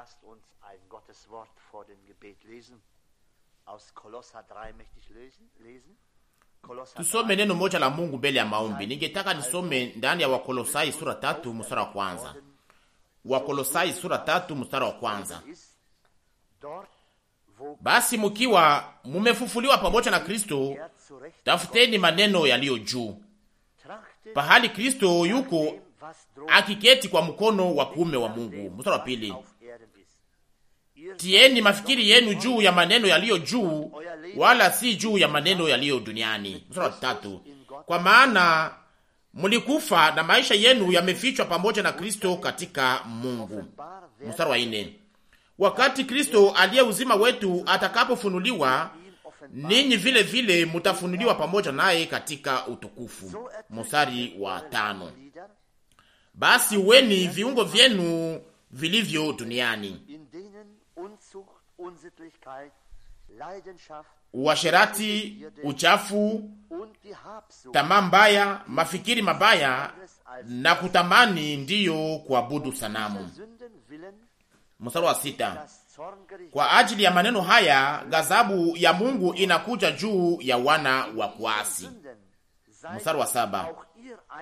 lasst uns ein Gotteswort vor dem Gebet lesen. Aus Kolosser 3 möchte ich lesen. lesen. Tusome neno moja la Mungu mbele ya maombi. Ningetaka nisome ndani ya Wakolosai sura tatu mstari wa kwanza. Wakolosai sura tatu mstari wa kwanza. Basi mukiwa mumefufuliwa pamoja na Kristo, er tafuteni maneno yaliyo juu, pahali Kristo yuko akiketi kwa mkono wa kuume wa Mungu. Mstari wa pili tieni mafikiri yenu juu ya maneno yaliyo juu, wala si juu ya maneno yaliyo duniani. Mstari wa tatu, kwa maana mlikufa na maisha yenu yamefichwa pamoja na Kristo katika Mungu. Mstari wa nne, wakati Kristo aliye uzima wetu atakapofunuliwa ninyi vile vile mutafunuliwa pamoja naye katika utukufu. Mstari wa tano, basi weni viungo vyenu vilivyo duniani uasherati, uchafu, tamaa mbaya, mafikiri mabaya na kutamani ndiyo kuabudu sanamu. Mstari wa sita. Kwa ajili ya maneno haya ghadhabu ya Mungu inakuja juu ya wana wa kuasi. Mstari wa saba.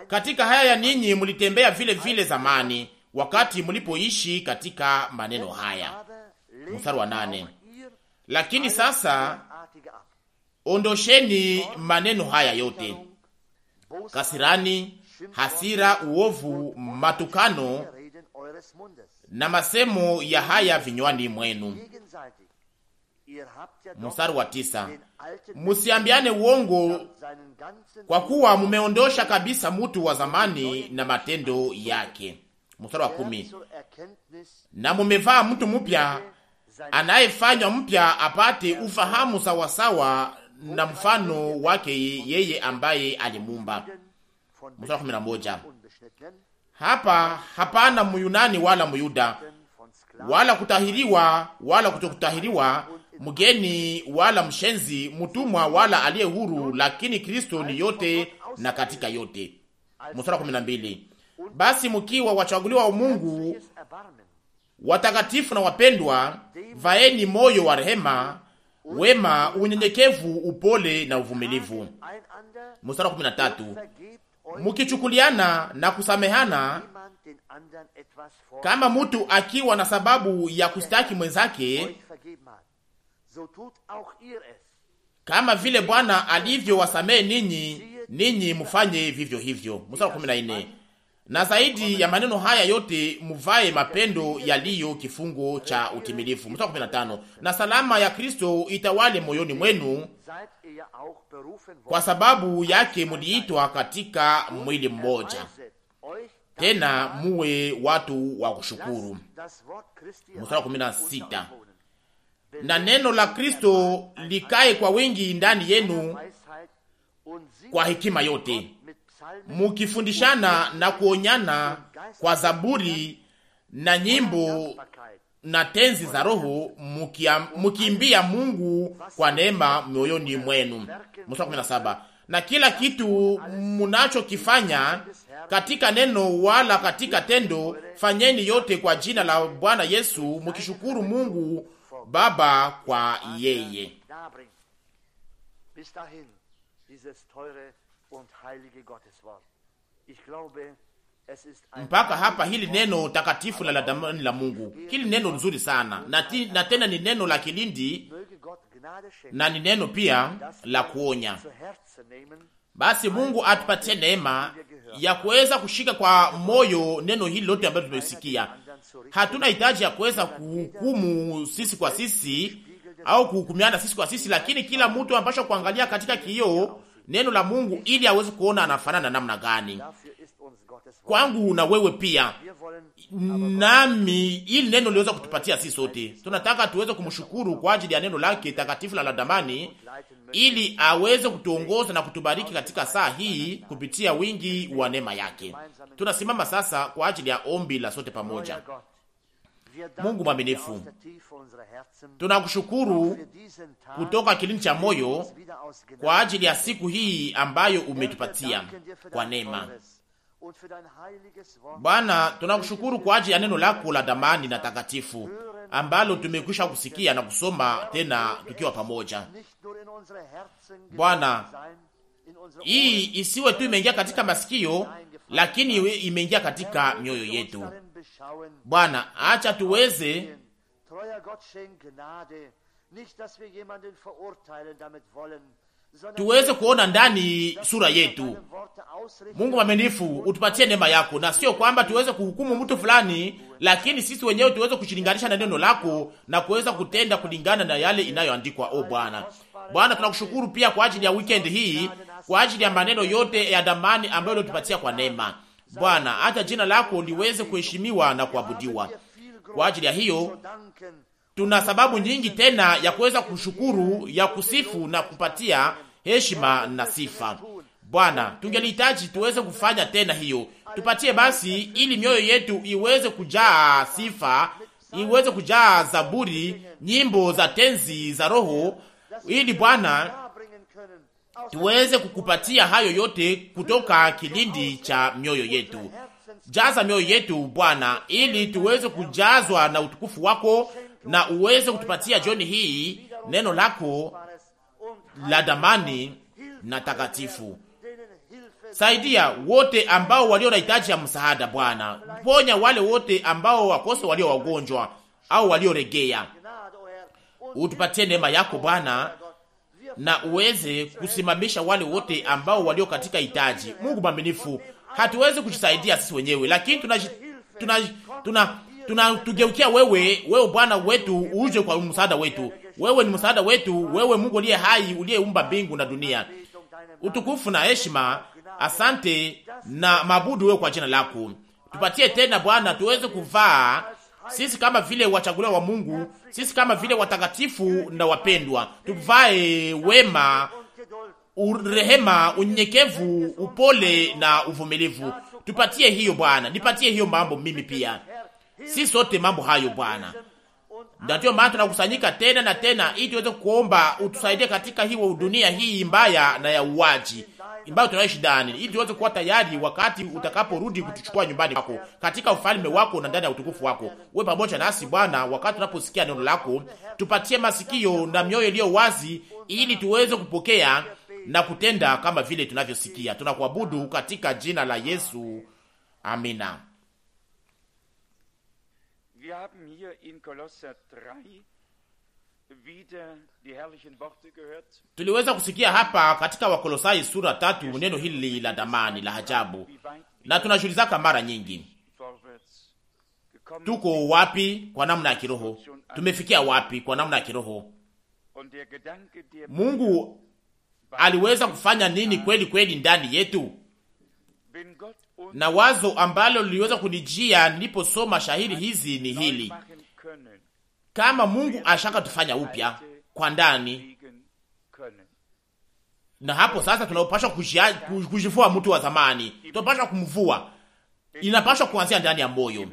Katika haya ya ninyi mlitembea vile vile zamani wakati mlipoishi katika maneno haya, mstari wa nane. Lakini sasa ondosheni maneno haya yote: kasirani, hasira, uovu, matukano na masemo ya haya vinywani mwenu. Mstari wa tisa, musiambiane uongo, kwa kuwa mumeondosha kabisa mutu wa zamani na matendo yake. Mstari wa kumi, na mumevaa mtu mupya anayefanywa mpya apate ufahamu sawasawa na mfano wake yeye ambaye alimumba Mstari kumi na moja. Hapa hapana Muyunani wala Muyuda wala kutahiriwa wala kutokutahiriwa, mgeni wala mshenzi, mtumwa wala aliye huru, lakini Kristo ni yote na katika yote. Mstari kumi na mbili. Basi mkiwa wachaguliwa wa Mungu Watakatifu na wapendwa, vaeni moyo wa rehema, wema, unyenyekevu, upole na uvumilivu. Mstari wa 13, mukichukuliana na kusamehana kama mtu akiwa na sababu ya kustaki mwenzake kama vile Bwana alivyowasamehe ninyi, ninyi mfanye vivyo hivyo. Mstari na zaidi ya maneno haya yote mvae mapendo yaliyo kifungo cha utimilifu. Mstari 15. Na salama ya Kristo itawale moyoni mwenu, kwa sababu yake mliitwa katika mwili mmoja, tena muwe watu wa kushukuru. Mstari 16. Na neno la Kristo likae kwa wingi ndani yenu kwa hekima yote mukifundishana na kuonyana kwa zaburi na nyimbo na tenzi za Roho, mukiimbia Mungu kwa neema mioyoni mwenu. Mstari na kila kitu munachokifanya katika neno wala katika tendo, fanyeni yote kwa jina la Bwana Yesu, mukishukuru Mungu Baba kwa yeye. Mpaka hapa hili neno takatifu la ladamani la Mungu, hili neno nzuri sana na, ti, na tena ni neno la kilindi na ni neno pia la kuonya. Basi Mungu atupatie neema ya kuweza kushika kwa moyo neno hili lote ambalo tumesikia. Hatuna hitaji ya kuweza kuhukumu sisi kwa sisi au kuhukumiana sisi kwa sisi, lakini kila mtu anapaswa kuangalia katika kioo neno la Mungu ili aweze kuona anafanana namna gani kwangu na wewe pia nami, ili neno liweza kutupatia sisi sote. Tunataka tuweze kumshukuru kwa ajili ya neno lake takatifu la ladamani, ili aweze kutuongoza na kutubariki katika saa hii kupitia wingi wa neema yake. Tunasimama sasa kwa ajili ya ombi la sote pamoja. Mungu mwaminifu, tunakushukuru kutoka kilindi cha moyo kwa ajili ya siku hii ambayo umetupatia kwa neema. Bwana, tunakushukuru kwa ajili ya neno lako la damani na takatifu ambalo tumekwisha kusikia na kusoma tena tukiwa pamoja. Bwana, hii isiwe tu imeingia katika masikio, lakini imeingia katika mioyo yetu Bwana, acha tuweze tuweze kuona ndani sura yetu. Mungu mwaminifu, utupatie neema yako, na sio kwamba tuweze kuhukumu mtu fulani, lakini sisi wenyewe tuweze kushilinganisha na neno lako na kuweza kutenda kulingana na yale inayoandikwa. O Bwana, Bwana, tunakushukuru pia kwa ajili ya weekend hii, kwa ajili ya maneno yote ya damani ambayo uliotupatia kwa neema Bwana, hata jina lako liweze kuheshimiwa na kuabudiwa. Kwa ajili ya hiyo tuna sababu nyingi tena ya kuweza kushukuru, ya kusifu na kupatia heshima na sifa. Bwana, tungelihitaji tuweze kufanya tena hiyo. Tupatie basi, ili mioyo yetu iweze kujaa sifa, iweze kujaa zaburi, nyimbo za tenzi za Roho, ili Bwana tuweze kukupatia hayo yote kutoka kilindi cha mioyo yetu. Jaza mioyo yetu Bwana, ili tuweze kujazwa na utukufu wako na uweze kutupatia jioni hii neno lako la damani na takatifu. Saidia wote ambao walio na hitaji ya msaada Bwana, ponya wale wote ambao wakoso, walio wagonjwa au walioregea. Utupatie neema yako Bwana na uweze kusimamisha wale wote ambao walio katika hitaji. Mungu mwaminifu, hatuwezi kujisaidia sisi wenyewe, lakini tuna tuna tuna tugeukia wewe, wewe Bwana wetu, uje kwa msaada wetu. Wewe ni msaada wetu, wewe Mungu aliye hai, uliyeumba mbingu na dunia. Utukufu na heshima, asante na mabudu wewe kwa jina lako. Tupatie tena Bwana, tuweze kuvaa sisi kama vile wachaguliwa wa Mungu, sisi kama vile watakatifu na wapendwa, tuvae wema, urehema, unyenyekevu, upole na uvumilivu. Tupatie hiyo Bwana, nipatie hiyo mambo mimi pia, si sote mambo hayo Bwana. Ndio maana tunakusanyika tena na tena, ili tuweze kuomba utusaidie katika hiyo dunia hii mbaya na ya uwaji ambayo tunaishi ndani, ili tuweze kuwa tayari wakati utakaporudi kutuchukua nyumbani kwako, katika ufalme wako na ndani ya utukufu wako. Uwe pamoja nasi Bwana, wakati tunaposikia neno lako, tupatie masikio na mioyo iliyo wazi, ili tuweze kupokea na kutenda kama vile tunavyosikia. Tunakuabudu katika jina la Yesu, amina. Tuliweza kusikia hapa katika Wakolosai sura tatu neno hili la damani la hajabu na tunajulizaka mara nyingi, tuko wapi kwa namna ya kiroho? Tumefikia wapi kwa namna ya kiroho? Mungu aliweza kufanya nini kweli kweli ndani yetu? Na wazo ambalo liliweza kunijia niliposoma shahiri hizi ni hili kama Mungu ashaka tufanya upya kwa ndani, na hapo sasa tunapashwa kujivua mtu wa zamani, tunapashwa kumvua. Inapashwa kuanzia ndani ya moyo,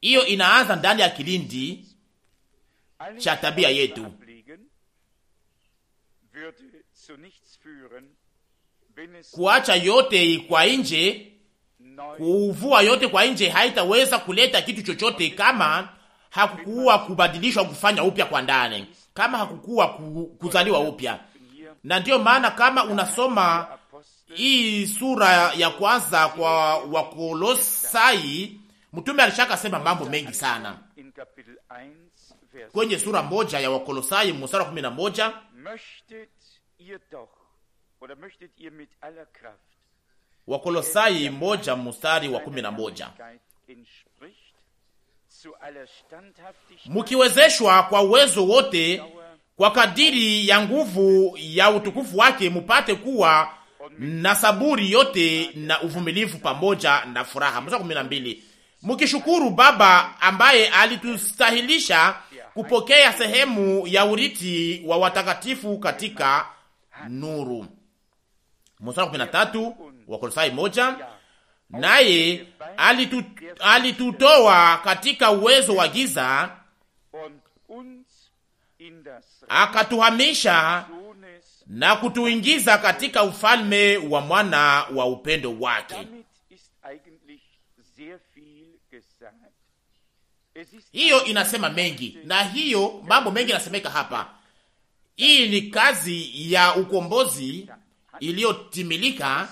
hiyo inaanza ndani ya kilindi cha tabia yetu. Kuacha yote kwa nje, kuvua yote kwa nje haitaweza kuleta kitu chochote kama hakukuwa kubadilishwa kufanya upya kwa ndani, kama hakukuwa kuzaliwa upya. Na ndiyo maana kama unasoma hii sura ya kwanza kwa Wakolosai, mtume alishaka sema mambo mengi sana kwenye sura moja ya Wakolosai mstari wa kumi na moja Wakolosai moja mstari wa kumi na moja mukiwezeshwa kwa uwezo wote kwa kadiri ya nguvu ya utukufu wake, mupate kuwa na saburi yote na uvumilivu pamoja na furaha. Mstari kumi na mbili, mukishukuru Baba ambaye alitustahilisha kupokea sehemu ya uriti wa watakatifu katika nuru. Mstari kumi na tatu, Wakolosai moja naye alitut, alitutoa katika uwezo wa giza akatuhamisha na kutuingiza katika ufalme wa mwana wa upendo wake. Hiyo inasema mengi, na hiyo mambo mengi inasemeka hapa. Hii ni kazi ya ukombozi iliyotimilika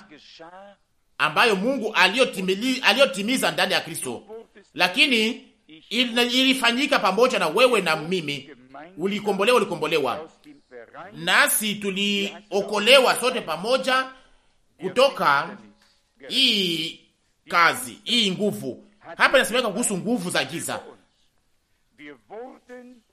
ambayo Mungu aliyotimiza ndani ya Kristo, lakini ilifanyika pamoja na wewe na mimi. Ulikombolewa, ulikombolewa nasi tuliokolewa sote pamoja kutoka hii kazi, hii nguvu. Hapa inasemeka kuhusu nguvu za giza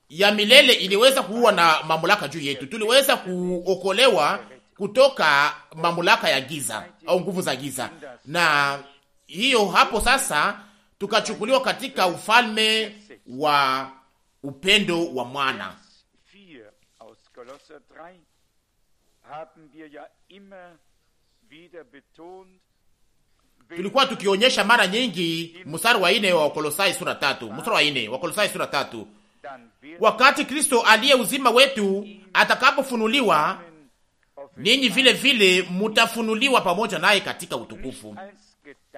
ya milele iliweza kuwa na mamlaka juu yetu. Tuliweza kuokolewa kutoka mamlaka ya giza au nguvu za giza, na hiyo hapo sasa tukachukuliwa katika ufalme wa upendo wa mwana. Tulikuwa tukionyesha mara nyingi mstari wa nne wa Kolosai sura tatu, mstari wa nne Kolosai sura tatu, wakati Kristo aliye uzima wetu atakapofunuliwa ninyi vile vile mutafunuliwa pamoja naye katika utukufu,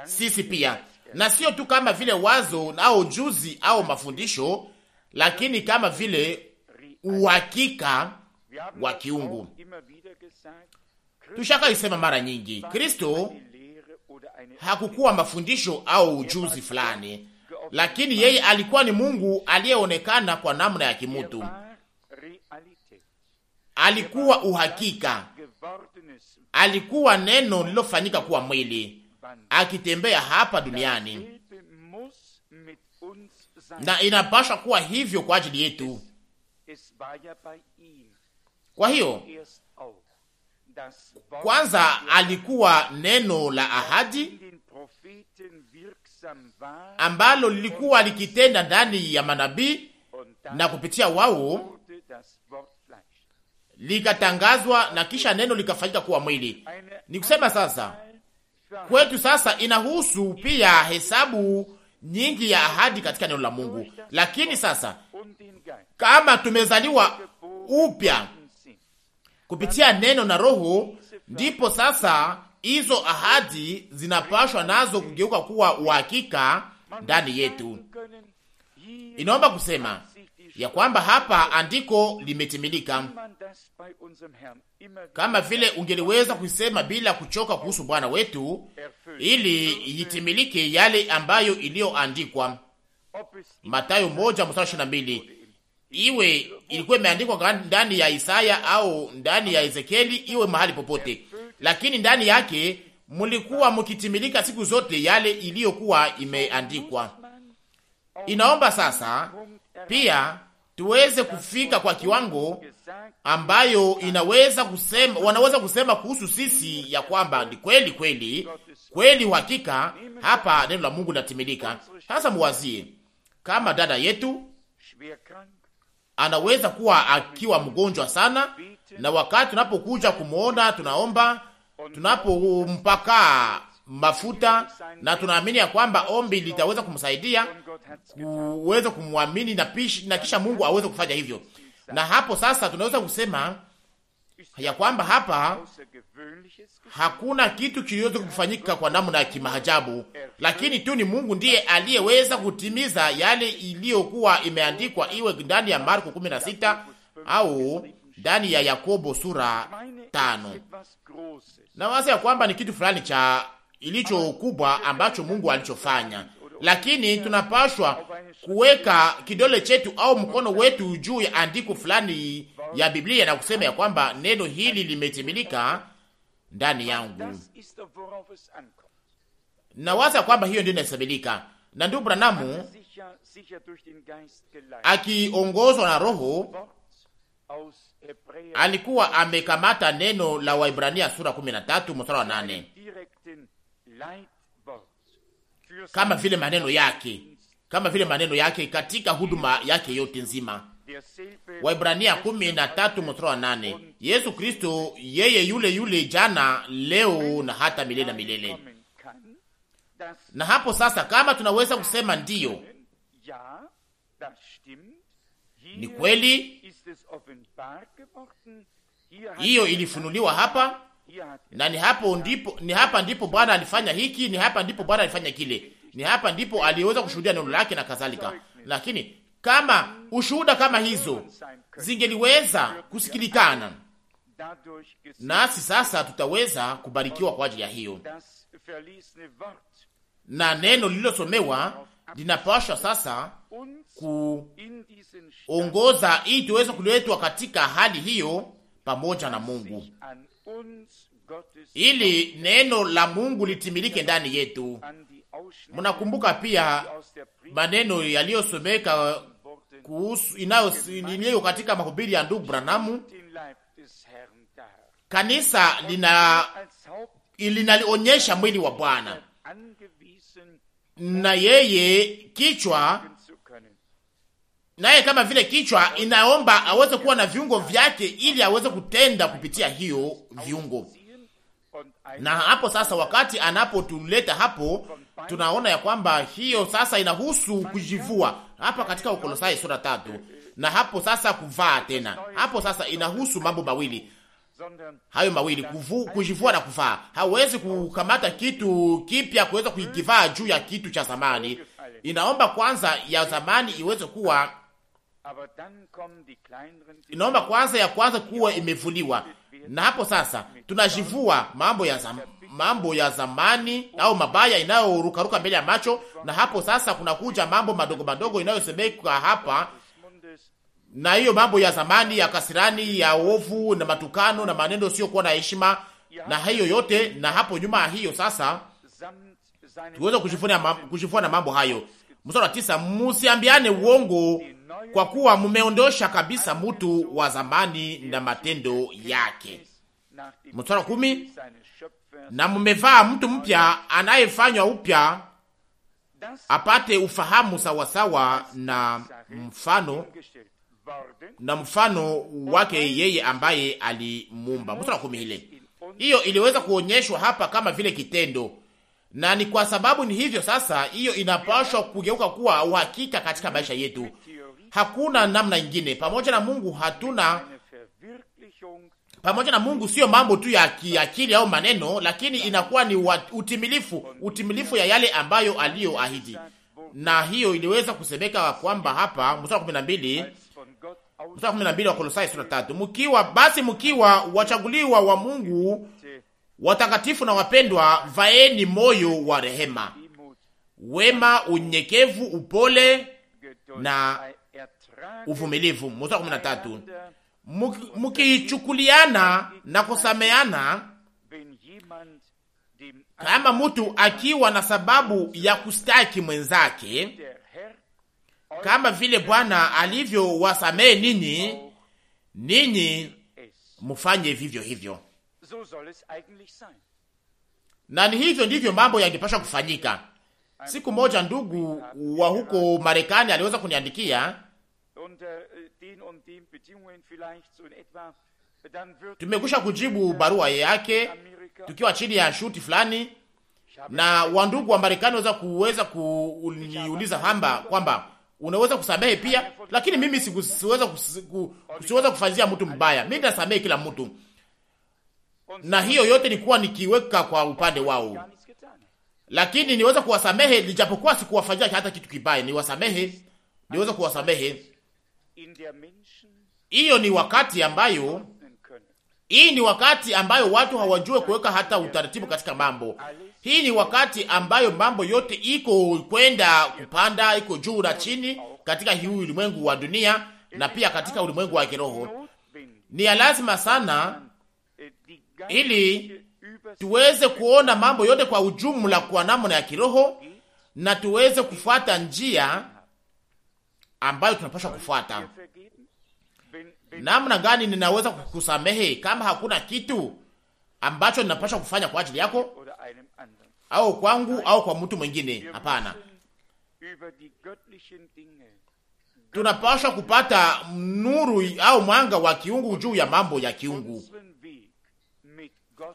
sisi pia, na sio tu kama vile wazo au juzi au mafundisho, lakini kama vile uhakika wa kiungu. Tushakaisema mara nyingi, Kristo hakukuwa mafundisho au ujuzi fulani, lakini yeye alikuwa ni Mungu aliyeonekana kwa namna ya kimutu alikuwa uhakika, alikuwa neno lilofanyika kuwa mwili akitembea hapa duniani, na inapashwa kuwa hivyo kwa ajili yetu. Kwa hiyo kwanza alikuwa neno la ahadi ambalo lilikuwa likitenda ndani ya manabii na kupitia wao likatangazwa na kisha neno likafanyika kuwa mwili. Ni kusema sasa kwetu sasa inahusu pia hesabu nyingi ya ahadi katika neno la Mungu. Lakini sasa kama tumezaliwa upya kupitia neno na Roho, ndipo sasa hizo ahadi zinapashwa nazo kugeuka kuwa uhakika ndani yetu. Inaomba kusema ya kwamba hapa andiko limetimilika, kama vile ungeliweza kusema bila kuchoka kuhusu Bwana wetu, ili itimilike yale ambayo iliyoandikwa Mathayo moja mstari ishirini na mbili iwe ilikuwa imeandikwa ndani ya Isaya au ndani ya Ezekieli, iwe mahali popote, lakini ndani yake mulikuwa mukitimilika siku zote yale iliyokuwa imeandikwa. Inaomba sasa pia tuweze kufika kwa kiwango ambayo inaweza kusema, wanaweza kusema kuhusu sisi ya kwamba ni kweli kweli kweli, uhakika hapa neno la Mungu linatimilika. Sasa muwazie kama dada yetu anaweza kuwa akiwa mgonjwa sana, na wakati tunapokuja kumwona, tunaomba tunapompaka mafuta, na tunaamini ya kwamba ombi litaweza kumsaidia kuweza kumwamini na, na kisha Mungu aweze kufanya hivyo. Na hapo sasa tunaweza kusema ya kwamba hapa hakuna kitu kiliweza kufanyika kwa namna ya kimaajabu, lakini tu ni Mungu ndiye aliyeweza kutimiza yale iliyokuwa imeandikwa, iwe ndani ya Marko 16 au ndani ya Yakobo sura tano. Na waza ya kwamba ni kitu fulani cha ilicho kubwa ambacho Mungu alichofanya, lakini tunapashwa kuweka kidole chetu au mkono wetu juu ya andiko fulani ya Biblia na kusema ya kwamba neno hili limetimilika ndani yangu. Nawaza kwamba hiyo ndio inahesabilika. Na ndugu Branamu akiongozwa na Roho alikuwa amekamata neno la Waibrania sura 13 mstari wa kama vile maneno yake, kama vile maneno yake katika huduma yake yote nzima. Waibrania kumi na tatu mstari wa nane. Yesu Kristo yeye yule yule jana leo na hata milele na milele. Na hapo sasa, kama tunaweza kusema ndiyo, ni kweli, hiyo ilifunuliwa hapa na ni hapo ndipo, ni hapa ndipo Bwana alifanya hiki, ni hapa ndipo Bwana alifanya kile, ni hapa ndipo aliweza kushuhudia neno lake na kadhalika. Lakini kama ushuhuda kama hizo zingeliweza kusikilikana, nasi sasa tutaweza kubarikiwa kwa ajili ya hiyo, na neno lililosomewa linapashwa sasa kuongoza ili tuweze kuletwa katika hali hiyo pamoja na Mungu ili neno la Mungu litimilike ndani yetu. Mnakumbuka pia maneno yaliyosomeka kuhusu inayo katika mahubiri ya ndugu Branamu, kanisa lina linalionyesha mwili wa Bwana na yeye kichwa naye kama vile kichwa inaomba aweze kuwa na viungo vyake ili aweze kutenda kupitia hiyo viungo. Na hapo sasa, wakati anapotuleta hapo, tunaona ya kwamba hiyo sasa inahusu kujivua hapa katika Ukolosai sura tatu, na hapo sasa kuvaa tena. Hapo sasa inahusu mambo mawili hayo mawili kufu, kujivua na kuvaa. Hawezi kukamata kitu kipya kuweza kukivaa juu ya kitu cha zamani. Inaomba kwanza ya zamani iweze kuwa Inaomba kwanza ya kwanza kuwa imevuliwa, na hapo sasa tunajivua mambo ya zam, mambo ya zamani au mabaya inayorukaruka mbele ya macho, na hapo sasa kunakuja mambo madogo madogo inayosemeka hapa na hiyo mambo ya zamani ya kasirani ya uovu na matukano na maneno siokuwa na heshima na hiyo yote, na hapo nyuma hiyo sasa tuweze kujifunza na mambo hayo. Mstari wa tisa, musiambiane uongo kwa kuwa mumeondosha kabisa mutu wa zamani na matendo yake. Mstari kumi, na mumevaa mtu mpya anayefanywa upya apate ufahamu sawasawa na mfano na mfano wake yeye ambaye alimuumba. Mstari kumi ile hiyo iliweza kuonyeshwa hapa kama vile kitendo, na ni kwa sababu ni hivyo sasa, hiyo inapaswa kugeuka kuwa uhakika katika maisha yetu hakuna namna ingine. Pamoja na Mungu hatuna pamoja na Mungu sio mambo tu ya kiakili au maneno, lakini inakuwa ni wat, utimilifu utimilifu ya yale ambayo aliyoahidi, na hiyo iliweza kusemeka kwamba hapa mstari wa 12 mstari wa 12 wa Kolosai sura 3, mkiwa basi mkiwa wachaguliwa wa Mungu watakatifu na wapendwa, vaeni moyo wa rehema, wema, unyenyekevu, upole na uvumilivu. Mstari 13, mukichukuliana na kusameana kama mtu akiwa na sababu ya kustaki mwenzake, kama vile Bwana alivyowasamehe ninyi, ninyi mufanye vivyo hivyo. Na ni hivyo ndivyo mambo yangepasha kufanyika. Siku moja ndugu wa huko Marekani aliweza kuniandikia Tumekwisha kujibu barua yake tukiwa chini ya shuti fulani, na wandugu wa Marekani waweza kuweza kuniuliza hamba kwamba unaweza kusamehe pia, lakini mimi sikuweza kusiweza kufanyia mtu mbaya. Mimi nasamehe kila mtu, na hiyo yote nilikuwa nikiweka kwa upande wao, lakini niweza kuwasamehe, lijapokuwa sikuwafanyia hata kitu kibaya. Niwasamehe, niweza kuwasamehe hiyo ni wakati ambayo, hii ni wakati ambayo watu hawajue kuweka hata utaratibu katika mambo. Hii ni wakati ambayo mambo yote iko kwenda kupanda, iko juu na chini katika hii ulimwengu wa dunia na pia katika ulimwengu wa kiroho. Ni ya lazima sana ili tuweze kuona mambo yote kwa ujumla kwa namna ya kiroho na tuweze kufuata njia ambayo tunapaswa kufuata. Namna gani ninaweza kukusamehe kama hakuna kitu ambacho ninapaswa kufanya kwa ajili yako au kwangu au kwa mtu mwingine? Hapana, tunapaswa kupata nuru au mwanga wa kiungu juu ya mambo ya kiungu,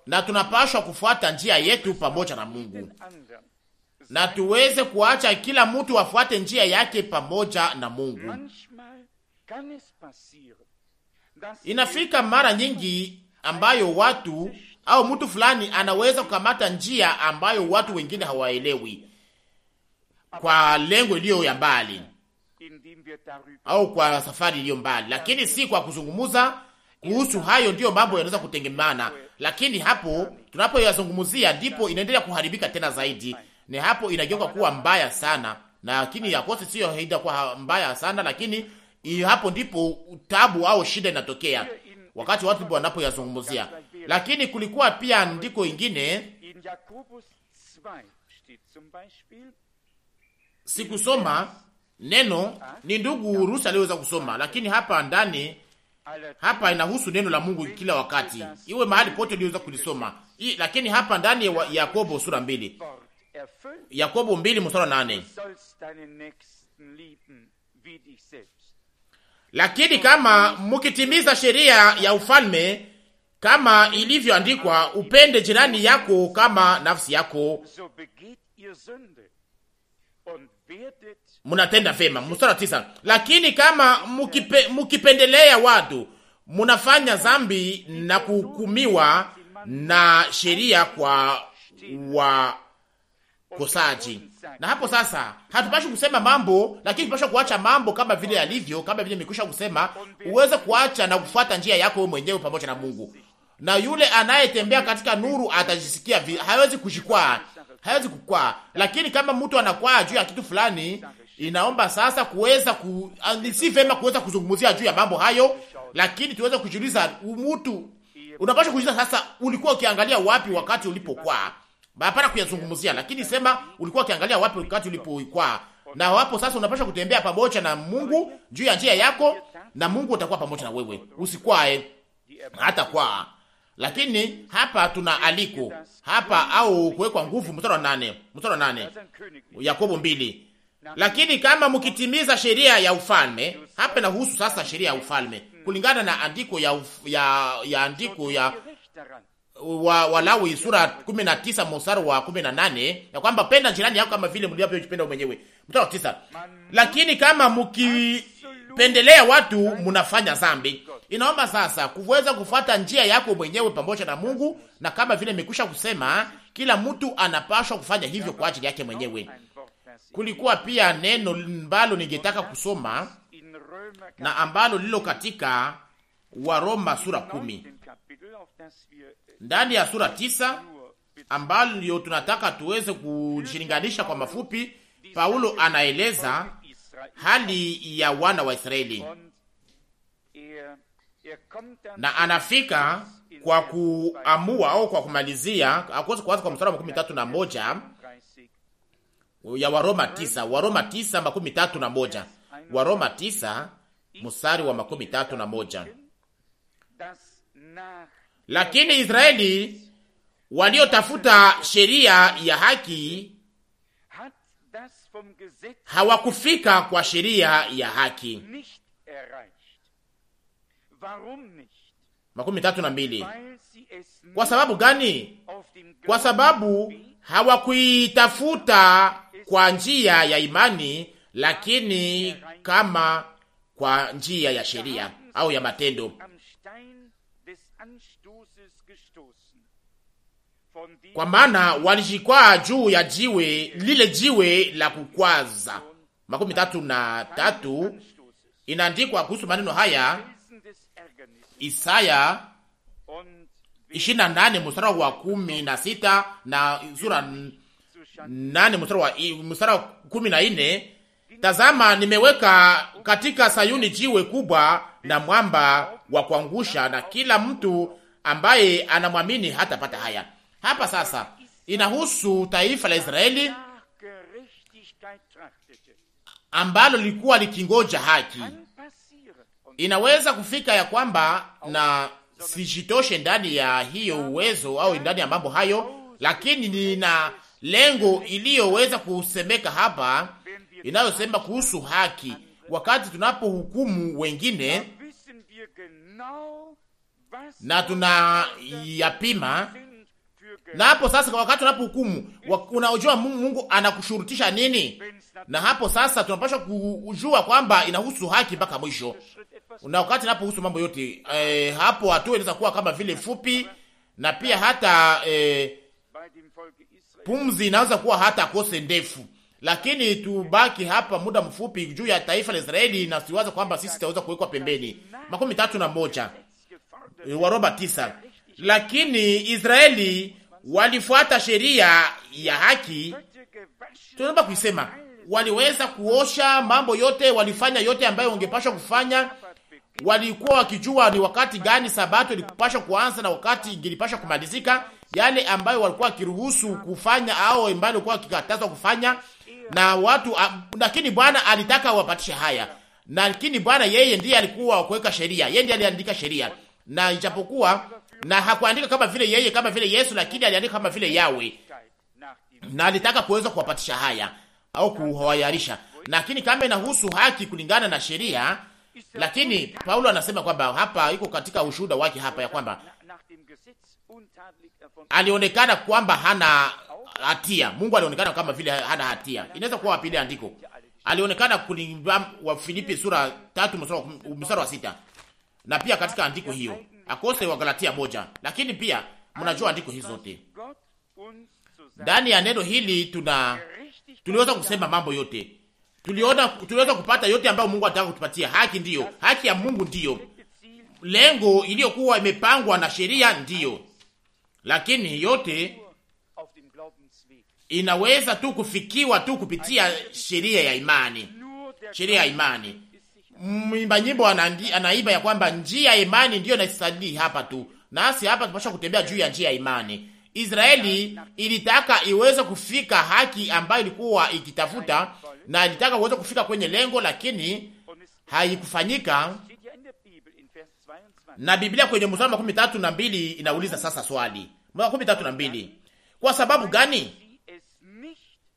na tunapaswa kufuata njia yetu pamoja na Mungu na tuweze kuacha kila mtu afuate njia yake pamoja na Mungu. Inafika mara nyingi ambayo watu au mtu fulani anaweza kukamata njia ambayo watu wengine hawaelewi kwa lengo iliyo ya mbali au kwa safari iliyo mbali, lakini si kwa kuzungumuza kuhusu hayo. Ndiyo mambo yanaweza kutengemana, lakini hapo tunapoyazungumzia ndipo inaendelea kuharibika tena zaidi, ni hapo inageuka kuwa mbaya sana, lakini sio haida haitakuwa mbaya sana, lakini hapo ndipo tabu au shida inatokea wakati watu wanapoyazungumzia. Lakini kulikuwa pia andiko ingine sikusoma neno, ah? ni ndugu Rusi aliweza kusoma, ah, lakini hapa ndani hapa inahusu neno la Mungu kila wakati, iwe mahali pote uliweza kulisoma I, lakini hapa ndani ya Yakobo sura mbili Yakobo mbili mstari nane. Lakini kama mukitimiza sheria ya ufalme kama ilivyoandikwa, upende jirani yako kama nafsi yako, munatenda vema. Mstari tisa. Lakini kama mukipe, mukipendelea watu munafanya zambi na kuhukumiwa na sheria kwa wa kosaji. Na hapo sasa hatupashi kusema mambo, lakini tunapaswa kuacha mambo kama vile yalivyo, kama vile nimekwisha kusema, uweze kuacha na kufuata njia yako wewe mwenyewe pamoja na Mungu. Na yule anayetembea katika nuru atajisikia vile, hawezi kujikwaa, hawezi kukwaa. Lakini kama mtu anakwaa juu ya kitu fulani, inaomba sasa kuweza ku, ah, si vema kuweza kuzungumzia juu ya mambo hayo, lakini tuweze kujiuliza, mtu unapaswa kujiuliza sasa, ulikuwa ukiangalia wapi wakati ulipokwaa? hapana kuyazungumzia, lakini sema ulikuwa ukiangalia wapi wakati ulipoikwaa, na wapo sasa unapasha kutembea pamoja na Mungu juu ya njia yako, na Mungu atakuwa pamoja na wewe. Usikwae hata kwa Lakini hapa tuna aliko hapa au kuwekwa nguvu, mstari wa nane, mstari wa nane Yakobo mbili. Lakini kama mkitimiza sheria ya ufalme, hapa inahusu sasa sheria ya ufalme kulingana na andiko ya, uf, ya, ya andiko ya wa Walawi sura 19 mstari wa 18 ya kwamba penda jirani yako kama vile mlivyojipenda mwenyewe. Mstari wa 9. Lakini kama mkipendelea watu mnafanya dhambi. Inaomba sasa kuweza kufuata njia yako mwenyewe pamoja na Mungu, na kama vile nimekwisha kusema, kila mtu anapaswa kufanya hivyo kwa ajili yake mwenyewe. Kulikuwa pia neno mbalo ningetaka kusoma na ambalo lilo katika Waroma sura kumi ndani ya sura tisa ambalo ndiyo tunataka tuweze kujilinganisha kwa mafupi. Paulo anaeleza hali ya wana wa Israeli na anafika kwa kuamua au kwa kumalizia akuweza kuanza kwa mstari wa makumi tatu na moja ya Waroma tisa, Waroma tisa makumi tatu na moja Waroma tisa mstari wa makumi tatu na moja lakini Israeli waliotafuta sheria ya haki hawakufika kwa sheria ya haki. Makumi tatu na mbili. Kwa sababu gani? Kwa sababu hawakuitafuta kwa njia ya imani, lakini kama kwa njia ya sheria au ya matendo kwa maana walijikwaa juu ya jiwe lile, jiwe la kukwaza. Makumi tatu na tatu inaandikwa kuhusu maneno haya, Isaya 28 na nane mstari wa kumi na sita na sura nane mstari wa mstari wa kumi na nne Tazama, nimeweka katika Sayuni jiwe kubwa na mwamba wa kuangusha, na kila mtu ambaye anamwamini hatapata haya. Hapa sasa inahusu taifa la Israeli ambalo lilikuwa likingoja haki. Inaweza kufika ya kwamba na sijitoshe ndani ya hiyo uwezo au ndani ya mambo hayo, lakini nina lengo iliyoweza kusemeka hapa inayosema kuhusu haki. Wakati tunapohukumu wengine na tunayapima na hapo sasa, kwa wakati unapohukumu, unaojua Mungu anakushurutisha nini, na hapo sasa tunapaswa kujua kwamba inahusu haki mpaka mwisho. Na wakati napohusu mambo yote e, hapo hatua inaweza kuwa kama vile fupi, na pia hata e, pumzi inaweza kuwa hata kose ndefu, lakini tubaki hapa muda mfupi juu ya taifa la Israeli, na siwaza kwamba sisi tutaweza kuwekwa pembeni. makumi tatu na moja eh, Waroma tisa. Lakini Israeli walifuata sheria ya haki, tunaomba kuisema, waliweza kuosha mambo yote, walifanya yote ambayo wangepashwa kufanya. Walikuwa wakijua ni wakati gani sabato ilikupashwa kuanza na wakati ingilipashwa kumalizika, yale ambayo walikuwa wakiruhusu kufanya au ambayo walikuwa wakikatazwa kufanya na watu. Ah, lakini Bwana alitaka wapatishe haya, lakini Bwana yeye ndiye alikuwa kuweka sheria, yeye ndiye aliandika sheria, na ijapokuwa na hakuandika kama vile yeye kama vile Yesu, lakini aliandika kama vile yawe, na alitaka kuweza kuwapatisha haya au kuhayarisha, lakini kama inahusu haki kulingana na sheria. Lakini Paulo anasema kwamba hapa iko katika ushuhuda wake hapa ya kwamba alionekana kwamba hana hatia. Mungu alionekana kama vile hana hatia, inaweza kuwa wapili andiko alionekana kulingana wa Filipi sura 3 mstari wa 6 na pia katika andiko hiyo akose wa Galatia moja. Lakini pia mnajua andiko hizi zote, ndani ya neno hili tuna tuliweza kusema mambo yote, tuliona tuliweza kupata yote ambayo Mungu anataka kutupatia. Haki ndiyo haki ya Mungu, ndiyo lengo iliyokuwa imepangwa na sheria, ndiyo lakini yote inaweza tu kufikiwa tu kupitia sheria ya imani, sheria ya imani mwimba nyimbo anaiba ya kwamba njia ya imani ndiyo nasadii hapa tu, nasi hapa tupasha kutembea juu ya njia ya imani. Israeli ilitaka iweze kufika haki ambayo ilikuwa ikitafuta na ilitaka uweze kufika kwenye lengo, lakini haikufanyika. Na Biblia kwenye mstari 13 na 2 inauliza sasa swali 13 na mbili kwa sababu gani?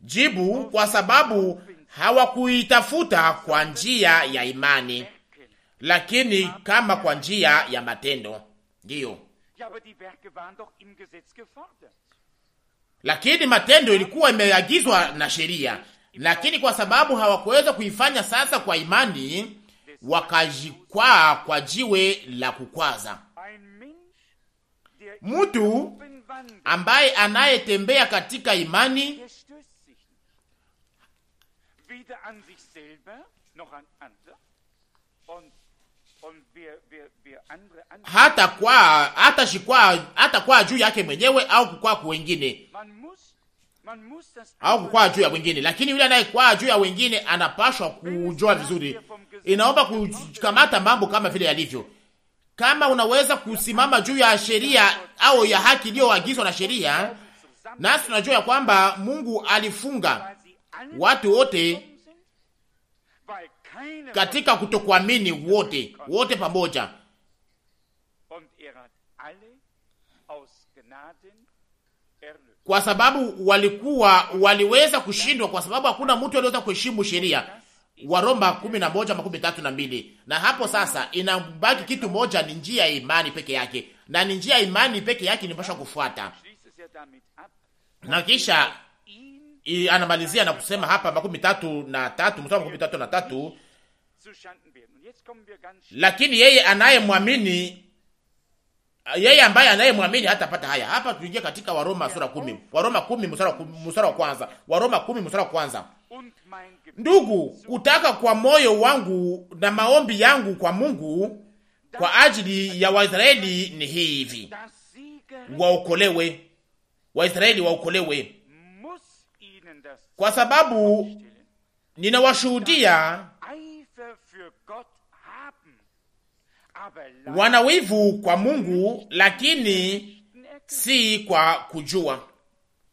Jibu, kwa sababu hawakuitafuta kwa njia ya imani, lakini kama kwa njia ya matendo. Ndiyo, lakini matendo ilikuwa imeagizwa na sheria, lakini kwa sababu hawakuweza kuifanya sasa kwa imani, wakajikwaa kwa jiwe la kukwaza. Mtu ambaye anayetembea katika imani weder an sich selber noch an andere und hata kwa hata shikwa hata kwa juu yake mwenyewe au kukwaa kwa wengine au kukwaa juu ya wengine, lakini yule anayekwaa juu ya wengine anapashwa kujua vizuri. Inaomba kukamata mambo kama vile yalivyo. Kama unaweza kusimama juu ya sheria au ya haki iliyoagizwa na sheria, nasi tunajua ya kwamba Mungu alifunga watu wote katika kutokuamini wote wote pamoja, kwa sababu walikuwa waliweza kushindwa, kwa sababu hakuna mtu aliweza kuheshimu sheria wa Roma kumi na hapo sasa inabaki kitu moja, ni njia ya imani peke yake, na ni njia ya imani peke yake inapaswa kufuata. Na kisha er anamalizia na kusema hapa makumi na mstari lakini yeye anayemwamini yeye ambaye anayemwamini hatapata haya. Hapa tuingie katika Waroma sura kumi, Waroma kumi mstari wa kwanza, Waroma kumi mstari wa kwanza. Ndugu, kutaka kwa moyo wangu na maombi yangu kwa Mungu kwa ajili ya Waisraeli ni hivi, waokolewe Waisraeli, waokolewe, kwa sababu ninawashuhudia wana wivu kwa Mungu, lakini si kwa kujua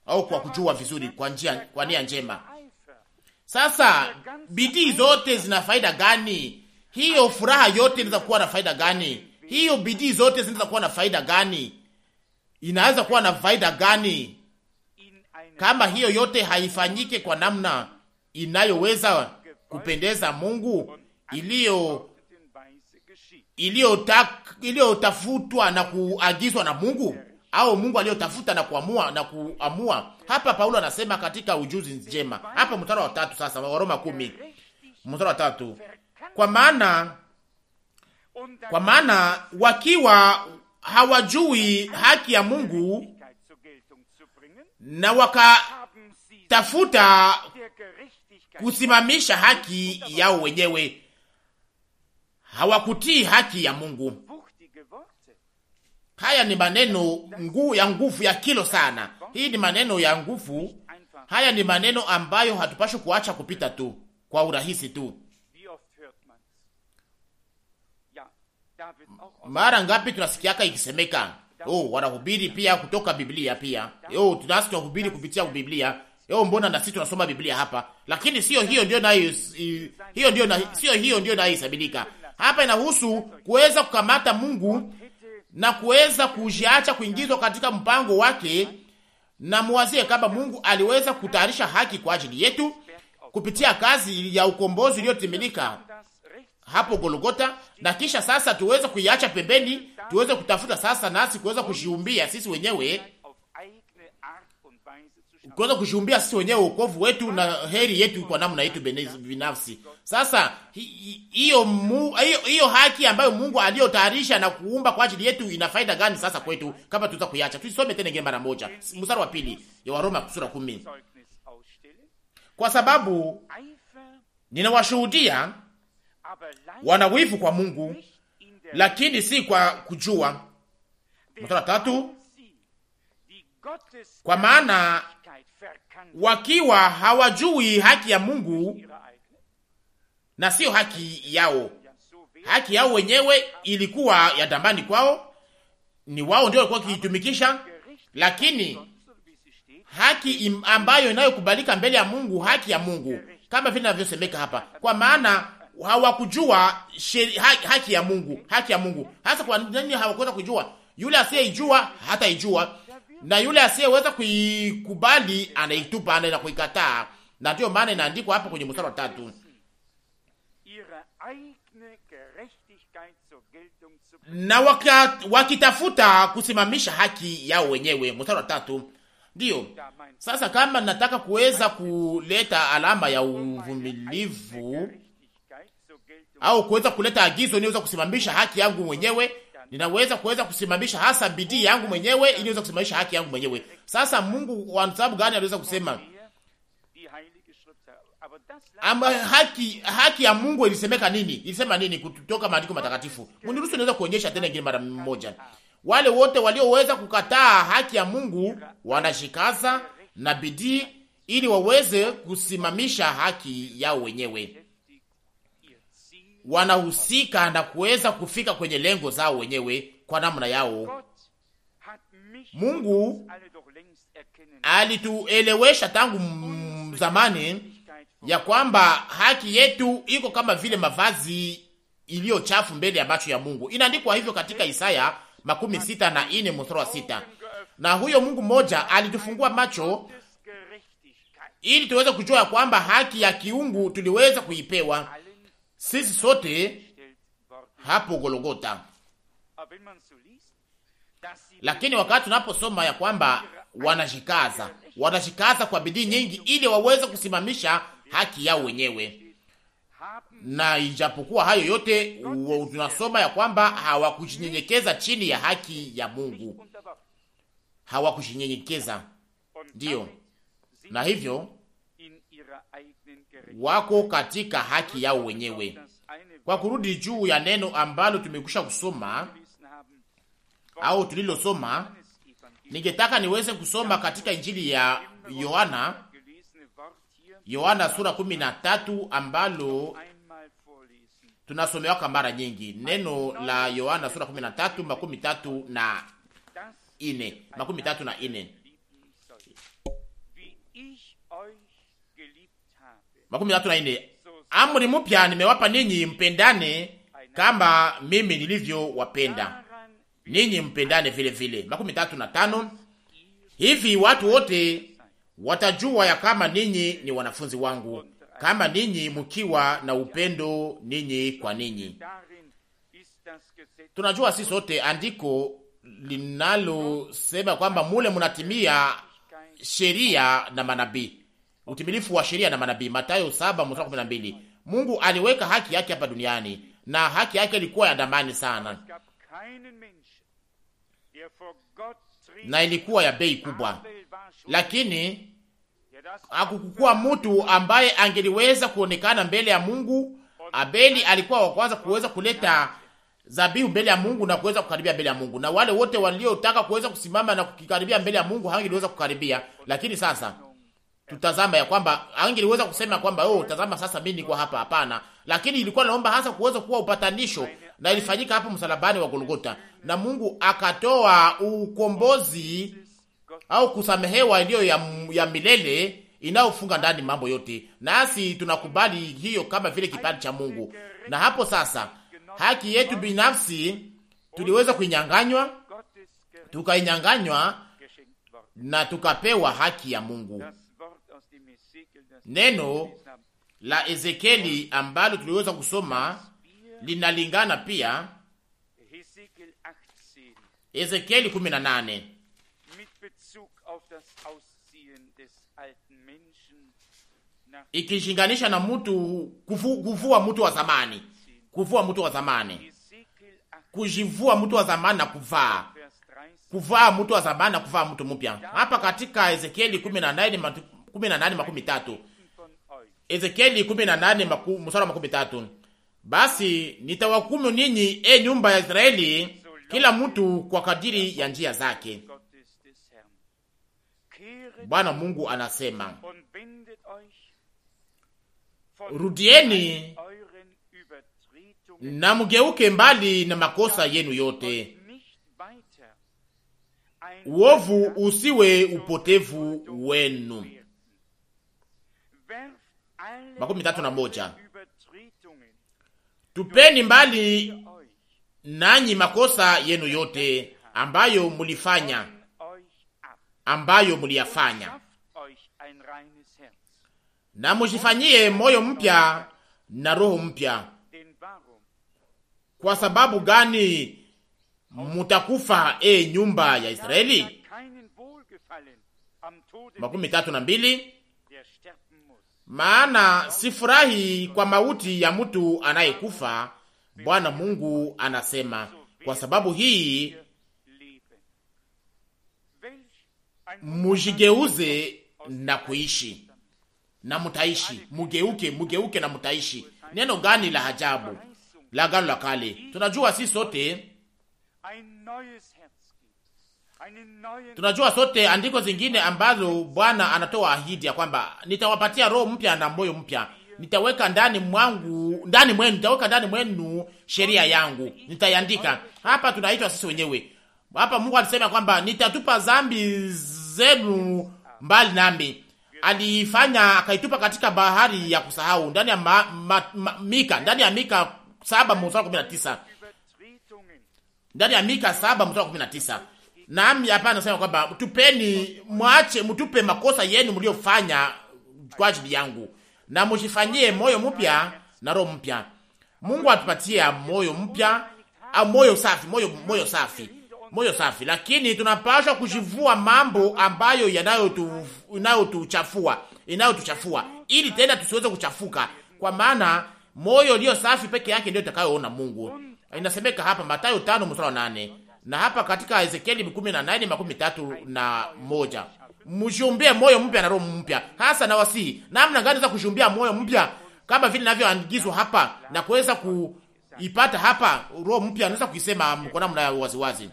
au kwa kujua vizuri, kwa njia, kwa nia njema. Sasa bidii zote zina faida gani? Hiyo furaha yote inaweza kuwa na faida gani? Hiyo bidii zote zinaweza kuwa na faida gani? Inaweza kuwa na faida gani kama hiyo yote haifanyike kwa namna inayoweza kupendeza Mungu, iliyo iliyotafutwa na kuagizwa na Mungu au Mungu aliyotafuta na kuamua na kuamua. Hapa Paulo anasema katika ujuzi njema, hapa mstari wa tatu. Sasa wa Roma kumi mstari wa tatu, kwa maana kwa maana wakiwa hawajui haki ya Mungu na wakatafuta kusimamisha haki yao wenyewe hawakutii haki ya Mungu. Haya ni maneno nguu ya nguvu ya kilo sana. Hii ni maneno ya nguvu. Haya ni maneno ambayo hatupashi kuacha kupita tu kwa urahisi tu. Mara ngapi tunasikiaka ikisemeka, oh, wanahubiri pia kutoka Biblia pia, oh, tunasi tunahubiri kupitia Biblia, oh, mbona na sisi tunasoma Biblia hapa? Lakini sio hiyo ndio nayo, hiyo ndio na sio hiyo ndio nayo isabilika hapa inahusu kuweza kukamata Mungu na kuweza kujiacha kuingizwa katika mpango wake, na muwazie kama Mungu aliweza kutayarisha haki kwa ajili yetu kupitia kazi ya ukombozi iliyotimilika hapo Golgota, na kisha sasa tuweze kuiacha pembeni, tuweze kutafuta sasa nasi kuweza kujiumbia sisi wenyewe kuweza kushuhumbia sisi wenyewe wokovu wetu na heri yetu kwa namna yetu binafsi. Sasa hiyo hiyo haki ambayo Mungu aliyotayarisha na kuumba kwa ajili yetu ina faida gani sasa kwetu kama tuweza kuiacha? Tusome tena ingine mara moja, mstari wa pili ya Waroma sura kumi kwa sababu ninawashuhudia wanawivu kwa Mungu, lakini si kwa kujua. Mstari wa tatu kwa maana wakiwa hawajui haki ya Mungu na siyo haki yao, haki yao wenyewe ilikuwa ya dambani kwao, ni wao ndio walikuwa wakiitumikisha, lakini haki ambayo inayokubalika mbele ya Mungu, haki ya Mungu kama vile inavyosemeka hapa, kwa maana hawakujua ha, haki ya Mungu, haki ya Mungu hasa. Kwa nini hawakuweza kujua? Yule asiyeijua hataijua na yule asiyeweza kuikubali anaitupa, na kuikataa. Na ndiyo maana inaandikwa hapa kwenye mstari wa tatu na wakitafuta kusimamisha haki yao wenyewe. Mstari wa tatu. Ndiyo sasa, kama nataka kuweza kuleta alama ya uvumilivu au kuweza kuleta agizo niweza kusimamisha haki yangu mwenyewe ninaweza kuweza kusimamisha hasa bidii yangu mwenyewe ili niweze kusimamisha haki yangu mwenyewe. Sasa Mungu kwa sababu gani aliweza kusema ama haki, haki ya Mungu ilisemeka nini? Ilisema nini kutoka maandiko matakatifu? Mniruhusu niweza kuonyesha tena ingine mara mmoja. Wale wote walioweza kukataa haki ya Mungu wanashikaza na bidii ili waweze kusimamisha haki yao wenyewe wanahusika na kuweza kufika kwenye lengo zao wenyewe kwa namna yao. Mungu alituelewesha tangu zamani ya kwamba haki yetu iko kama vile mavazi iliyo chafu mbele ya macho ya Mungu. Inaandikwa hivyo katika Isaya makumi sita na ine mstari wa sita. Na huyo Mungu mmoja alitufungua macho ili tuweze kujua kwamba haki ya kiungu tuliweza kuipewa sisi sote hapo Gologota. Lakini wakati tunaposoma ya kwamba wanajikaza, wanajikaza kwa bidii nyingi ili waweze kusimamisha haki yao wenyewe, na ijapokuwa hayo yote, tunasoma ya kwamba hawakujinyenyekeza chini ya haki ya Mungu, hawakujinyenyekeza ndiyo, na hivyo wako katika haki yao wenyewe. Kwa kurudi juu ya neno ambalo tumekwisha kusoma au tulilosoma, ningetaka niweze kusoma katika Injili ya Yohana, Yohana sura 13 ambalo tunasomewa kwa mara nyingi, neno la Yohana sura 13 makumi tatu na ine, makumi tatu na ine. makumi tatu na nne amri mpya nimewapa ninyi, mpendane kama mimi wapenda ninyi, mpendane vile vile. makumi tatu na tano hivi watu wote watajua ya kama ninyi ni wanafunzi wangu kama ninyi mkiwa na upendo ninyi kwa ninyi. Tunajua si sote andiko linalosema kwamba mule munatimia sheria na manabii utimilifu wa sheria na manabii, Mathayo 7:12. Mungu aliweka haki yake hapa duniani na haki yake ilikuwa ya damani sana na ilikuwa ya bei kubwa, lakini hakukuwa mtu ambaye angeliweza kuonekana mbele ya Mungu. Abeli alikuwa wa kwanza kuweza kuleta zabihu mbele ya Mungu na kuweza kukaribia mbele ya Mungu, na wale wote waliotaka kuweza kusimama na kukikaribia mbele ya Mungu hangeliweza kukaribia. Lakini sasa tutazama ya kwamba angeliweza kusema kwamba oh, tazama sasa mimi niko hapa. Hapana, lakini ilikuwa naomba hasa kuweza kuwa upatanisho, na ilifanyika hapo msalabani wa Golgota, na Mungu akatoa ukombozi au kusamehewa iliyo ya, ya milele inayofunga ndani mambo yote, nasi tunakubali hiyo kama vile kipande cha Mungu. Na hapo sasa haki yetu binafsi tuliweza kuinyanganywa, tukainyanganywa na tukapewa haki ya Mungu neno la Ezekieli ambalo tuliweza kusoma linalingana pia Ezekieli 18 ikishinganisha na mtu kuvua mtu wa zamani, kuvua mtu wa zamani, kujivua mtu wa zamani na kuvaa, kuvaa mtu wa zamani na kuvaa mtu mpya. Hapa katika Ezekieli 18 kumi na nane makumi tatu. Ezekieli kumi na 18 mstari makumi tatu. Basi nitawahukumu ninyi, e nyumba ya Israeli, kila mtu kwa kadiri ya njia zake. Bwana Mungu anasema, rudieni na mgeuke mbali na makosa yenu yote, uovu usiwe upotevu wenu makumi tatu na moja. Tupeni mbali nanyi makosa yenu yote ambayo mulifanya, ambayo muliyafanya, na mujifanyie moyo mpya na roho mpya. Kwa sababu gani mutakufa, e nyumba ya Israeli? makumi tatu na mbili maana sifurahi kwa mauti ya mtu anayekufa, Bwana Mungu anasema. Kwa sababu hii mujigeuze na kuishi na mutaishi, mugeuke, mugeuke na mutaishi. Neno gani la hajabu la gano la Kale! Tunajua si sote Tunajua sote andiko zingine ambazo Bwana anatoa ahidi ya kwamba nitawapatia roho mpya na moyo mpya, nitaweka ndani mwangu ndani mwenu, nitaweka ndani mwenu sheria yangu, nitaiandika hapa. Tunaitwa sisi wenyewe hapa. Mungu alisema kwamba nitatupa dhambi zenu mbali nami, alifanya akaitupa katika bahari ya kusahau, ndani ya ma, ma, ma, Mika, ndani ya Mika saba mstari kumi na tisa, ndani ya Mika saba mstari kumi na tisa. Nami hapa anasema kwamba tupeni, mwache mtupe makosa yenu mliofanya kwa ajili yangu, na mjifanyie moyo mpya na roho mpya. Mungu atupatia moyo mpya au moyo safi, moyo moyo safi, moyo safi. Lakini tunapaswa kujivua mambo ambayo yanayotuchafua inayotuchafua, ili tena tusiweze kuchafuka, kwa maana moyo ulio safi peke yake ndio utakayoona Mungu. Inasemeka hapa Mathayo 5 mstari wa 8 na hapa katika Ezekieli kumi na nane makumi tatu na moja mshumbie moyo mpya na roho mpya, hasa na wasi namna gani za kushumbia moyo mpya kama vile navyoangizwa hapa na kuweza kuipata hapa. Roho mpya anaweza kuisema kwa namna ya wazi wazi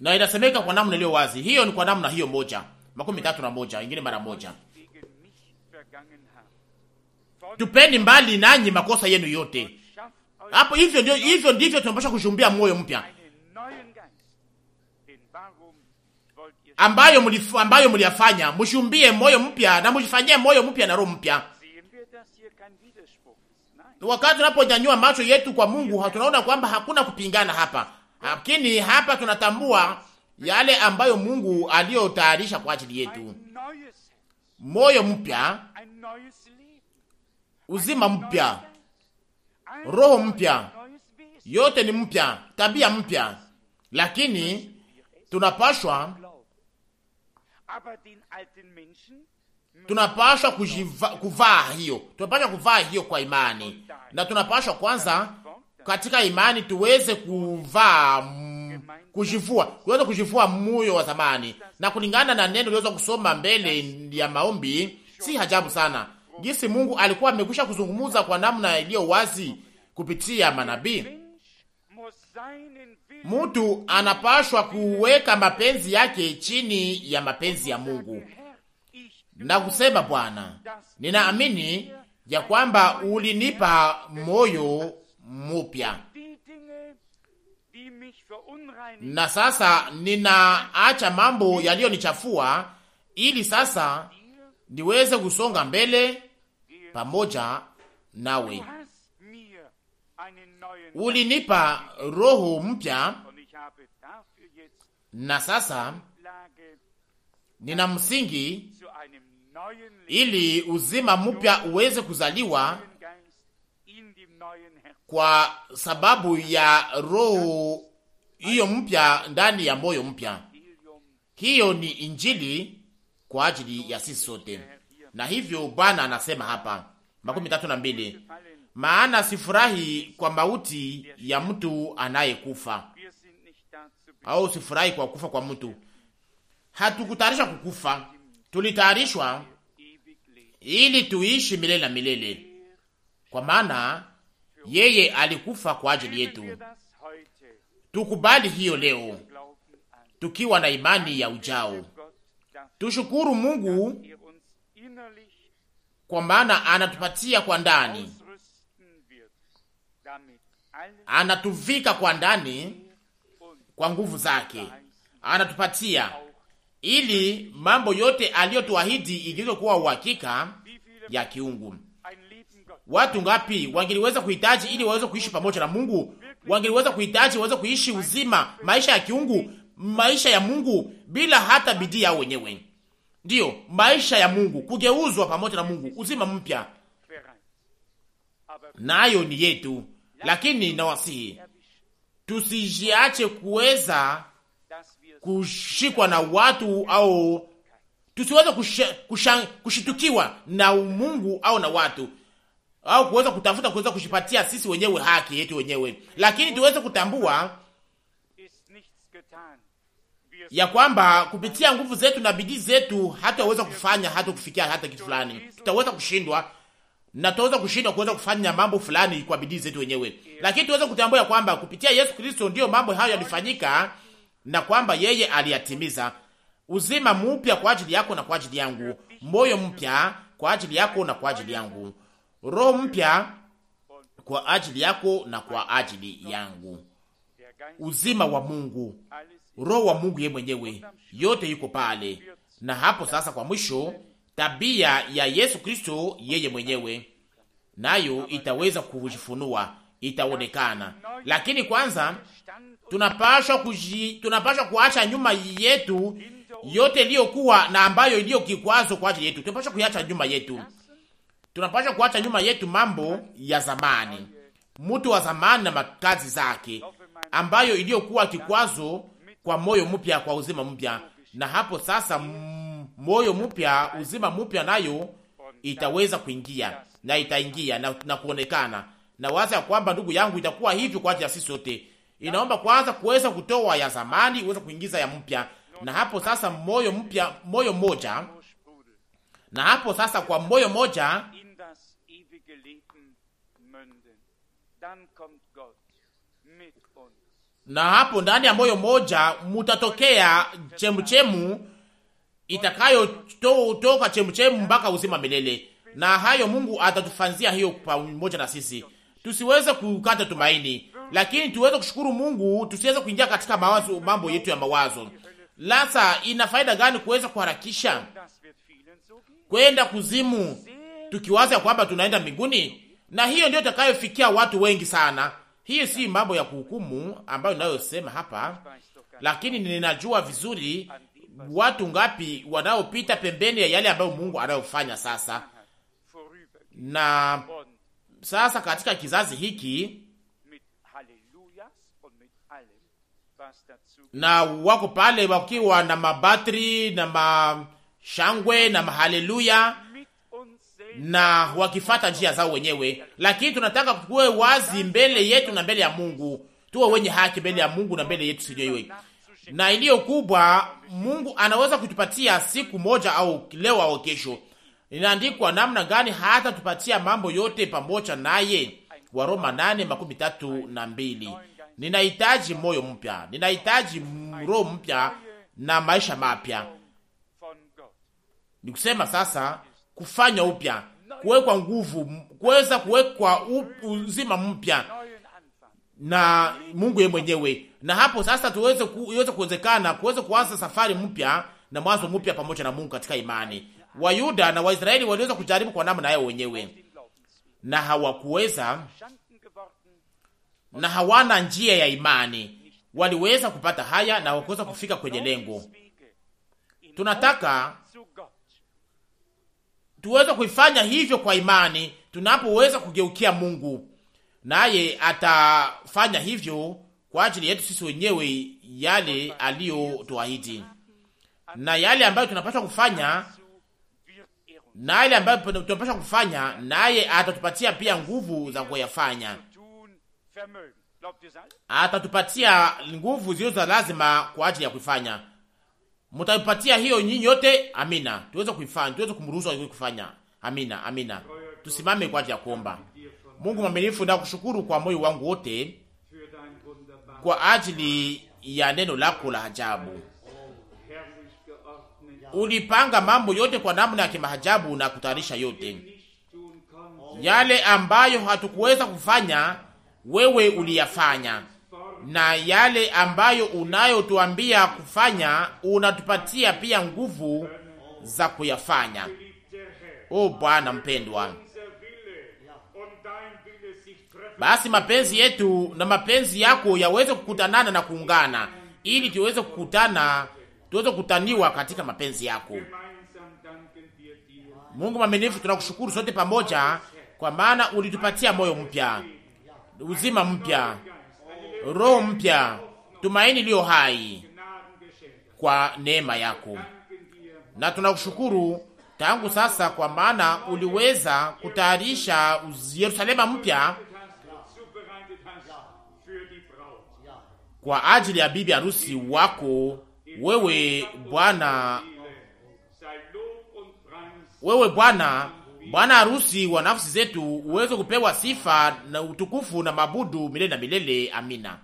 na inasemeka kwa namna iliyo wazi. Hiyo ni kwa namna hiyo moja makumi tatu na moja ingine mara moja, tupeni mbali nanyi makosa yenu yote. Hapo hivyo ndio, hivyo ndivyo tunapaswa kushumbia moyo mpya ambayo muli, ambayo mliyafanya, mshumbie moyo mpya na mjifanyie moyo mpya na roho mpya. Wakati tunaponyanyua macho yetu kwa Mungu, tunaona kwamba hakuna kupingana hapa, lakini hapa tunatambua yale ambayo Mungu aliyotayarisha kwa ajili yetu, moyo mpya, uzima mpya, roho mpya, yote ni mpya, tabia mpya, lakini tunapashwa tunapashwa kuvaa hiyo, tunapashwa kuvaa hiyo kwa imani, na tunapashwa kwanza katika imani tuweze kuvaa kujivua, kuweza kujivua moyo wa zamani, na kulingana na neno liweza kusoma mbele ya maombi, si hajabu sana jinsi Mungu alikuwa amekwisha kuzungumuza kwa namna iliyo wazi kupitia manabii mtu anapashwa kuweka mapenzi yake chini ya mapenzi ya Mungu na kusema, Bwana, ninaamini ya kwamba ulinipa moyo mupya na sasa ninaacha mambo yaliyonichafua ili sasa niweze kusonga mbele pamoja nawe ulinipa roho mpya, na sasa nina msingi ili uzima mpya uweze kuzaliwa kwa sababu ya roho hiyo mpya ndani ya moyo mpya. Hiyo ni Injili kwa ajili ya sisi sote, na hivyo Bwana anasema hapa makumi tatu na mbili maana sifurahi kwa mauti ya mtu anayekufa, au sifurahi kwa kufa kwa mtu. Hatukutayarishwa kukufa, tulitayarishwa ili tuishi milele na milele, kwa maana yeye alikufa kwa ajili yetu. Tukubali hiyo leo tukiwa na imani ya ujao. Tushukuru er Mungu kwa maana anatupatia kwa ndani anatuvika kwa ndani kwa nguvu zake, anatupatia ili mambo yote aliyotuahidi igeuke kuwa uhakika ya kiungu. Watu ngapi wangeliweza kuhitaji ili waweze kuishi pamoja na Mungu? Wangeliweza kuhitaji waweze kuishi uzima, maisha ya kiungu, maisha ya Mungu bila hata bidii yao wenyewe. Ndiyo, maisha ya Mungu, kugeuzwa pamoja na Mungu, uzima mpya, nayo ni yetu lakini nawasihi tusijiache kuweza kushikwa na watu au tusiweze kushitukiwa na Mungu au na watu au kuweza kutafuta kuweza kushipatia sisi wenyewe haki yetu wenyewe, lakini tuweze kutambua ya kwamba kupitia nguvu zetu na bidii zetu hatuweza kufanya hata kufikia hata kitu fulani, tutaweza kushindwa na tuweza kushindwa kuweza kufanya mambo fulani kwa bidii zetu wenyewe, lakini tuweza kutambua kwamba kupitia Yesu Kristo ndiyo mambo hayo yalifanyika na kwamba yeye aliyatimiza. Uzima mpya kwa ajili yako na kwa ajili yangu, moyo mpya kwa ajili yako na kwa ajili yangu, roho mpya kwa ajili yako na kwa ajili yangu, uzima wa Mungu, roho wa Mungu yeye mwenyewe, yote yuko pale. Na hapo sasa, kwa mwisho tabia ya Yesu Kristo yeye mwenyewe, nayo itaweza kujifunua, itaonekana. Lakini kwanza tunapashwa kuji, tunapashwa kuacha nyuma yetu yote iliyokuwa na ambayo iliyo kikwazo kwa ajili yetu. Tunapashwa kuacha nyuma yetu, tunapashwa kuacha nyuma yetu mambo ya zamani, mtu wa zamani na makazi zake ambayo iliyokuwa kikwazo kwa moyo mpya, kwa uzima mpya, na hapo sasa moyo mpya, uzima mpya, nayo itaweza kuingia na itaingia na, na kuonekana na waza ya kwamba ndugu yangu, itakuwa hivyo kwa ajili ya sisi sote. Inaomba kwanza kuweza kutoa ya zamani uweze kuingiza ya mpya, na hapo sasa moyo mpya, moyo moja, na hapo sasa kwa moyo moja na hapo ndani ya moyo moja mutatokea chemuchemu itakayo to, itakayotoka chemuchemu mpaka uzima milele, na hayo Mungu atatufanzia hiyo pamoja na sisi. Tusiweze kukata tumaini, lakini tuweze kushukuru Mungu, tusiweze kuingia katika mawazo, mambo yetu ya mawazo. Lasa ina faida gani kuweza kuharakisha kwenda kuzimu tukiwaza kwamba tunaenda mbinguni? Na hiyo ndio itakayofikia watu wengi sana. Hiyo si mambo ya kuhukumu ambayo ninayosema hapa, lakini ninajua vizuri watu ngapi wanaopita pembeni ya yale ambayo Mungu anayofanya sasa. Na sasa katika kizazi hiki na wako pale wakiwa na mabatri na mashangwe na mahaleluya na wakifata njia zao wenyewe, lakini tunataka tuwe wazi mbele yetu na mbele ya Mungu, tuwe wenye haki mbele ya Mungu na mbele yetu sijoiwe na iliyo kubwa Mungu anaweza kutupatia siku moja au leo au kesho. Inaandikwa namna gani hata tupatia mambo yote pamoja naye, Waroma nane makumi tatu na mbili. Ninahitaji moyo mpya, ninahitaji roho mpya na maisha mapya, ni kusema sasa kufanya upya, kuwekwa nguvu, kuweza kuwekwa uzima mpya na Mungu yeye mwenyewe, na hapo sasa tuweze ku, kuwezekana kuweza kuanza safari mpya na mwanzo mpya pamoja na Mungu katika imani. Wayuda na Waisraeli waliweza kujaribu kwa namna yao wenyewe na hawakuweza na hawana njia ya imani. Waliweza kupata haya na hawakuweza kufika kwenye lengo. Tunataka tuweze kuifanya hivyo kwa imani, tunapoweza kugeukia Mungu naye atafanya hivyo kwa ajili yetu sisi wenyewe yale aliyotuahidi na yale ambayo tunapaswa kufanya na yale ambayo tunapaswa kufanya, naye atatupatia pia nguvu za kuyafanya. Atatupatia nguvu zilizo za lazima kwa ajili ya kuifanya. Mtapatia hiyo nyinyi yote, amina. Tuweze kuifanya, tuweze kumruhusu kufanya. Amina, amina. Tusimame kwa ajili ya kuomba. Mungu mwaminifu, na kushukuru kwa moyo wangu wote kwa ajili ya neno lako la ajabu. Ulipanga mambo yote kwa namna ya kimahajabu na kutayarisha yote yale ambayo hatukuweza kufanya, wewe uliyafanya, na yale ambayo unayotuambia kufanya, unatupatia pia nguvu za kuyafanya. O Bwana mpendwa basi mapenzi yetu na mapenzi yako yaweze kukutanana na kuungana, ili tuweze kukutana, tuweze kukutaniwa katika mapenzi yako. Mungu mwaminifu, tunakushukuru sote pamoja, kwa maana ulitupatia moyo mpya, uzima mpya, roho mpya, tumaini iliyo hai kwa neema yako, na tunakushukuru tangu sasa, kwa maana uliweza kutayarisha Yerusalema mpya kwa ajili ya bibi harusi wako wewe Bwana, wewe Bwana, Bwana harusi wa nafsi zetu, uweze kupewa sifa na utukufu na mabudu milele na milele. Amina.